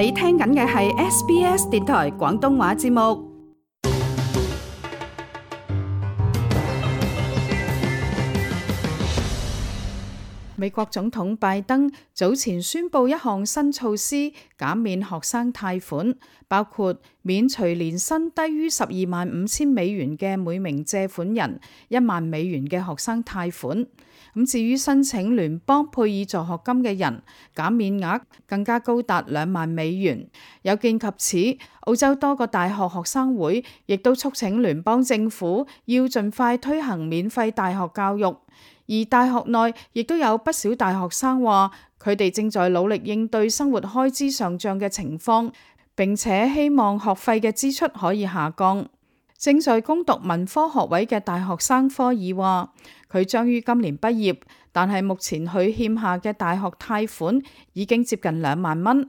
你聽緊嘅係 SBS 電台廣東話節目。美國總統拜登早前宣布一項新措施，減免學生貸款，包括免除年薪低於十二萬五千美元嘅每名借款人一萬美元嘅學生貸款。咁至於申請聯邦佩爾助學金嘅人，減免額更加高達兩萬美元。有見及此，澳洲多個大學學生會亦都促請聯邦政府要盡快推行免費大學教育。而大學內亦都有不少大學生話，佢哋正在努力應對生活開支上漲嘅情況，並且希望學費嘅支出可以下降。正在攻讀文科學位嘅大學生科爾話，佢將於今年畢業，但係目前佢欠下嘅大學貸款已經接近兩萬蚊。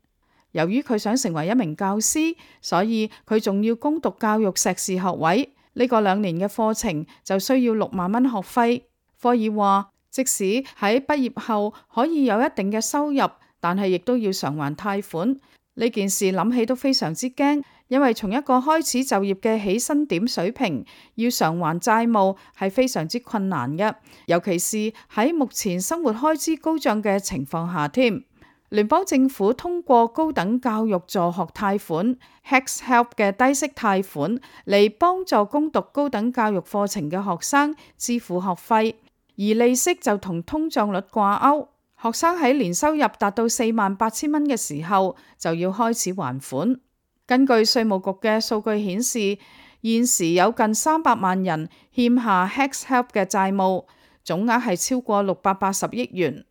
由於佢想成為一名教師，所以佢仲要攻讀教育碩士學位。呢個兩年嘅課程就需要六萬蚊學費。科爾話：即使喺畢業後可以有一定嘅收入，但係亦都要償還貸款。呢件事諗起都非常之驚，因為從一個開始就業嘅起薪點水平，要償還債務係非常之困難嘅，尤其是喺目前生活開支高漲嘅情況下添。聯邦政府通過高等教育助學貸款 （HECS-HELP） 嘅低息貸款嚟幫助攻讀高等教育課程嘅學生支付學費，而利息就同通脹率掛鈎。學生喺年收入達到四萬八千蚊嘅時候就要開始還款。根據稅務局嘅數據顯示，現時有近三百萬人欠下 HECS-HELP 嘅債務，總額係超過六百八十億元。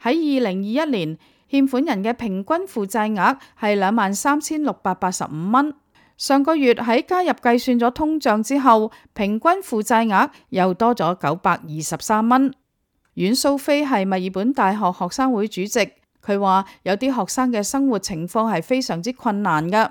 喺二零二一年，欠款人嘅平均負債額係兩萬三千六百八十五蚊，上個月喺加入計算咗通脹之後，平均負債額又多咗九百二十三蚊。阮素菲係墨爾本大學學生會主席，佢話有啲學生嘅生活情況係非常之困難㗎。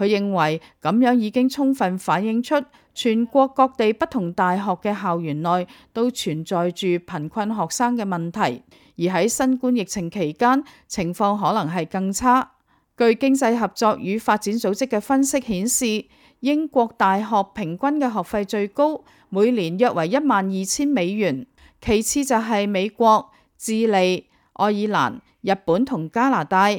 佢認為，咁樣已經充分反映出全國各地不同大學嘅校園內都存在住貧困學生嘅問題，而喺新冠疫情期間，情況可能係更差。據經濟合作與發展組織嘅分析顯示，英國大學平均嘅學費最高，每年約為一萬二千美元，其次就係美國、智利、愛爾蘭、日本同加拿大。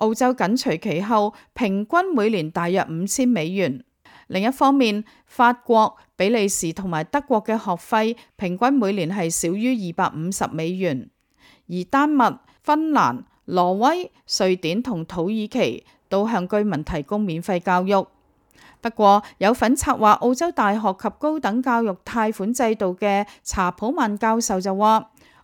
澳洲緊隨其後，平均每年大約五千美元。另一方面，法國、比利時同埋德國嘅學費平均每年係少於二百五十美元。而丹麥、芬蘭、挪威、瑞典同土耳其都向居民提供免費教育。不過，有份策劃澳洲大學及高等教育貸款制度嘅查普曼教授就話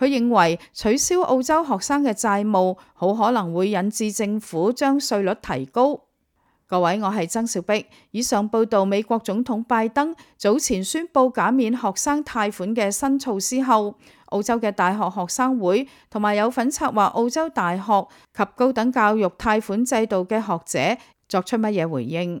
佢認為取消澳洲學生嘅債務，好可能會引致政府將稅率提高。各位，我係曾兆碧。以上報道。美國總統拜登早前宣布減免學生貸款嘅新措施後，澳洲嘅大學學生會同埋有份策劃澳洲大學及高等教育貸款制度嘅學者作出乜嘢回應？